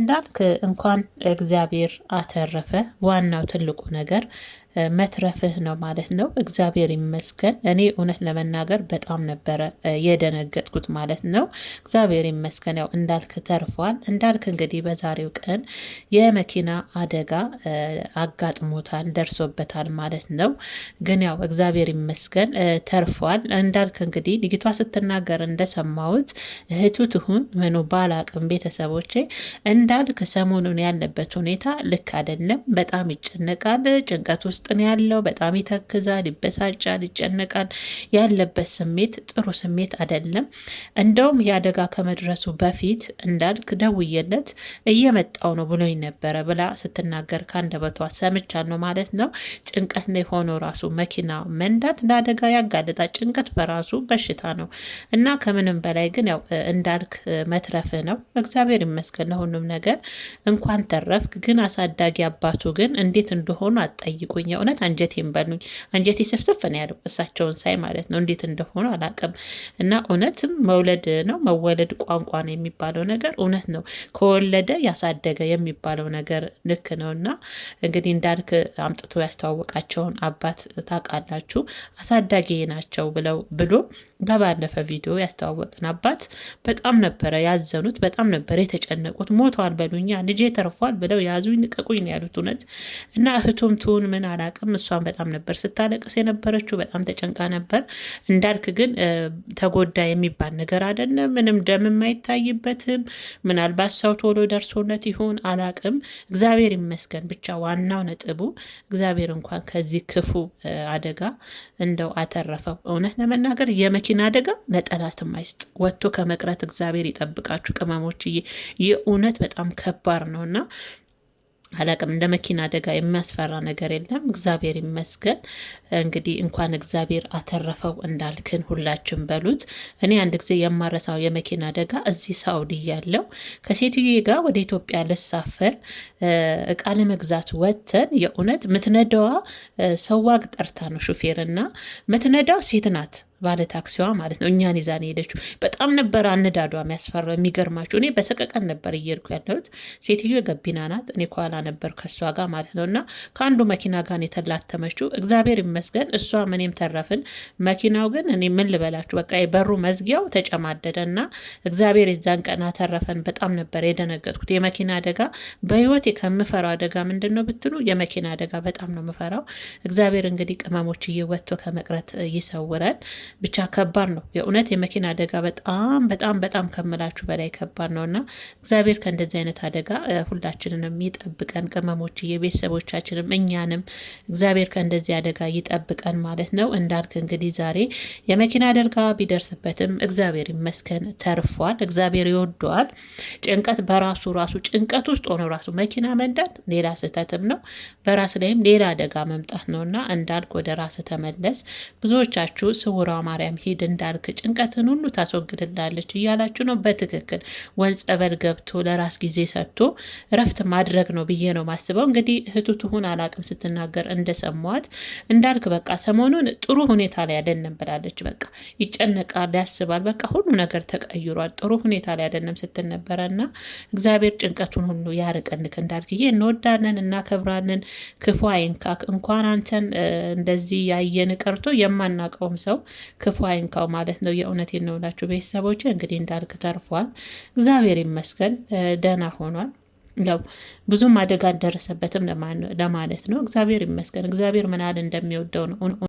እንዳልክ እንኳን እግዚአብሔር አተረፈ። ዋናው ትልቁ ነገር መትረፍህ ነው ማለት ነው። እግዚአብሔር ይመስገን። እኔ እውነት ለመናገር በጣም ነበረ የደነገጥኩት ማለት ነው። እግዚአብሔር ይመስገን ያው እንዳልክ ተርፏል። እንዳልክ እንግዲህ በዛሬው ቀን የመኪና አደጋ አጋጥሞታል፣ ደርሶበታል ማለት ነው። ግን ያው እግዚአብሔር ይመስገን ተርፏል። እንዳልክ እንግዲህ ልጅቷ ስትናገር እንደሰማሁት እህቱ ትሁን ምኑ ባላቅም ቤተሰቦቼ እንዳልክ ሰሞኑን ያለበት ሁኔታ ልክ አይደለም። በጣም ይጨነቃል፣ ጭንቀት ውስጥ ውስጥ ነው ያለው። በጣም ይተክዛል፣ ይበሳጫል፣ ይጨነቃል። ያለበት ስሜት ጥሩ ስሜት አይደለም። እንደውም የአደጋ ከመድረሱ በፊት እንዳልክ ደውዬለት እየመጣው ነው ብሎኝ ነበረ ብላ ስትናገር ሰምቻ ነው ማለት ነው። ጭንቀት ነው የሆነው። ራሱ መኪና መንዳት ለአደጋ ያጋልጣል። ጭንቀት በራሱ በሽታ ነው እና ከምንም በላይ ግን ያው እንዳልክ መትረፍ ነው። እግዚአብሔር ይመስገን ለሁሉም ነገር እንኳን ተረፍክ። ግን አሳዳጊ አባቱ ግን እንዴት እንደሆኑ አጠይቁኝ። የእውነት አንጀቴን በሉኝ። አንጀቴ ስፍስፍ ነው ያለው እሳቸውን ሳይ ማለት ነው። እንዴት እንደሆኑ አላቅም። እና እውነትም መውለድ ነው መወለድ ቋንቋ ነው የሚባለው ነገር እውነት ነው። ከወለደ ያሳደገ የሚባለው ነገር ልክ ነው። እና እንግዲህ እንዳልክ አምጥቶ ያስተዋወቃቸውን አባት ታውቃላችሁ። አሳዳጊ ናቸው ብለው ብሎ በባለፈ ቪዲዮ ያስተዋወቅን አባት በጣም ነበረ ያዘኑት፣ በጣም ነበረ የተጨነቁት። ሞተዋል በሉኛ ልጄ ተርፏል ብለው ያዙኝ ልቀቁኝ ያሉት እውነት እና እህቱም ትሁን ምን አላቅም። እሷን በጣም ነበር ስታለቅስ የነበረችው፣ በጣም ተጨንቃ ነበር። እንዳልክ ግን ተጎዳ የሚባል ነገር አይደለም። ምንም ደምም አይታይበትም። ምናልባት ሰው ቶሎ ደርሶነት ይሁን አላቅም። እግዚአብሔር ይመስገን። ብቻ ዋናው ነጥቡ እግዚአብሔር እንኳን ከዚህ ክፉ አደጋ እንደው አተረፈው። እውነት ለመናገር የመኪና አደጋ ነጠላትም አይስጥ ወጥቶ ከመቅረት እግዚአብሔር ይጠብቃችሁ ቅመሞች። የእውነት በጣም ከባድ ነው እና አላቅም እንደ መኪና አደጋ የሚያስፈራ ነገር የለም። እግዚአብሔር ይመስገን። እንግዲህ እንኳን እግዚአብሔር አተረፈው እንዳልክን ሁላችን በሉት። እኔ አንድ ጊዜ የማረሳው የመኪና አደጋ እዚህ ሳውዲ ያለው ከሴትዬ ጋር ወደ ኢትዮጵያ ልሳፈር እቃ ለመግዛት ወተን፣ የእውነት ምትነዳዋ ሰዋግ ጠርታ ነው ሹፌርና ምትነዳው ሴት ናት ባለ ታክሲዋ ማለት ነው። እኛን ይዛን ሄደችው። በጣም ነበር አነዳዷ የሚያስፈራ የሚገርማችሁ እኔ በሰቀቀን ነበር እየሄድኩ ያለሁት። ሴትዮ የገቢና ናት፣ እኔ ከኋላ ነበር ከእሷ ጋር ማለት ነው። እና ከአንዱ መኪና ጋር የተላተመችው እግዚአብሔር ይመስገን፣ እሷ እኔም ተረፍን። መኪናው ግን እኔ ምን ልበላችሁ፣ በቃ የበሩ መዝጊያው ተጨማደደ እና እግዚአብሔር የዛን ቀን አተረፈን። በጣም ነበር የደነገጥኩት። የመኪና አደጋ በህይወቴ ከምፈራው አደጋ ምንድን ነው ብትሉ፣ የመኪና አደጋ በጣም ነው የምፈራው። እግዚአብሔር እንግዲህ ቅመሞች እየወጥቶ ከመቅረት ይሰውረን። ብቻ ከባድ ነው የእውነት የመኪና አደጋ በጣም በጣም በጣም ከምላችሁ በላይ ከባድ ነው እና እግዚአብሔር ከእንደዚህ አይነት አደጋ ሁላችንንም ይጠብቀን። ቅመሞች የቤተሰቦቻችንም እኛንም እግዚአብሔር ከእንደዚህ አደጋ ይጠብቀን ማለት ነው። እንዳልክ እንግዲህ ዛሬ የመኪና አደጋ ቢደርስበትም እግዚአብሔር ይመስገን ተርፏል። እግዚአብሔር ይወደዋል። ጭንቀት በራሱ ራሱ ጭንቀት ውስጥ ሆኖ ራሱ መኪና መንዳት ሌላ ስህተትም ነው፣ በራስ ላይም ሌላ አደጋ መምጣት ነው እና እንዳልክ ወደ ራስ ተመለስ። ብዙዎቻችሁ ስውራ ማርያም ሂድ እንዳልክ ጭንቀትን ሁሉ ታስወግድላለች እያላችሁ ነው። በትክክል ወንጸበል ገብቶ ለራስ ጊዜ ሰጥቶ እረፍት ማድረግ ነው ብዬ ነው ማስበው። እንግዲህ እህቱ ትሁን አላቅም ስትናገር እንደሰማዋት እንዳልክ በቃ ሰሞኑን ጥሩ ሁኔታ ላይ አይደለም ብላለች። በቃ ይጨነቃል፣ ያስባል። በቃ ሁሉ ነገር ተቀይሯል። ጥሩ ሁኔታ ላይ አይደለም ስትል ነበረ እና እግዚአብሔር ጭንቀቱን ሁሉ ያርቅልክ እንዳልክዬ። እንወዳለን፣ እናከብራለን። ክፉ አይንካክ። እንኳን አንተን እንደዚህ ያየን ቀርቶ የማናቀውም ሰው ክፉ አይንካው ማለት ነው። የእውነት ነው ቤተሰቦች እንግዲህ እንዳልክ ተርፏል። እግዚአብሔር ይመስገን ደህና ሆኗል። ያው ብዙም አደጋ አልደረሰበትም ለማለት ነው። እግዚአብሔር ይመስገን። እግዚአብሔር ምን ያህል እንደሚወደው ነው።